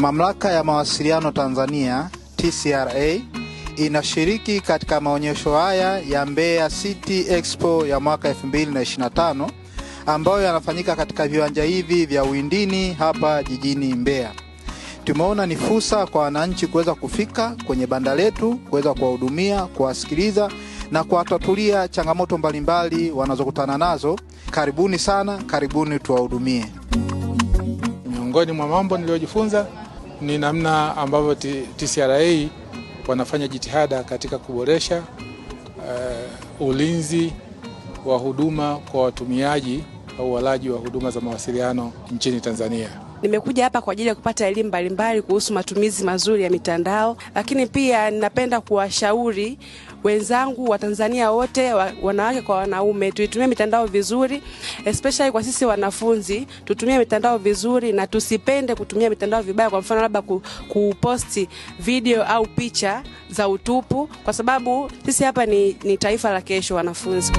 Mamlaka ya Mawasiliano Tanzania TCRA inashiriki katika maonyesho haya ya Mbeya City Expo ya mwaka 2025 ambayo yanafanyika katika viwanja hivi vya Uindini hapa jijini Mbeya. Tumeona ni fursa kwa wananchi kuweza kufika kwenye banda letu, kuweza kuwahudumia, kuwasikiliza na kuwatatulia changamoto mbalimbali wanazokutana nazo. Karibuni sana, karibuni tuwahudumie. Miongoni mwa mambo niliyojifunza ni namna ambavyo TCRA wanafanya jitihada katika kuboresha uh, ulinzi wa huduma kwa watumiaji au walaji wa huduma za mawasiliano nchini Tanzania. Nimekuja hapa kwa ajili ya kupata elimu mbalimbali kuhusu matumizi mazuri ya mitandao, lakini pia ninapenda kuwashauri wenzangu Watanzania wote wa, wanawake kwa wanaume tuitumie mitandao vizuri, especially kwa sisi wanafunzi tutumie mitandao vizuri na tusipende kutumia mitandao vibaya. Kwa mfano labda ku, kuposti video au picha za utupu, kwa sababu sisi hapa ni, ni taifa la kesho wanafunzi.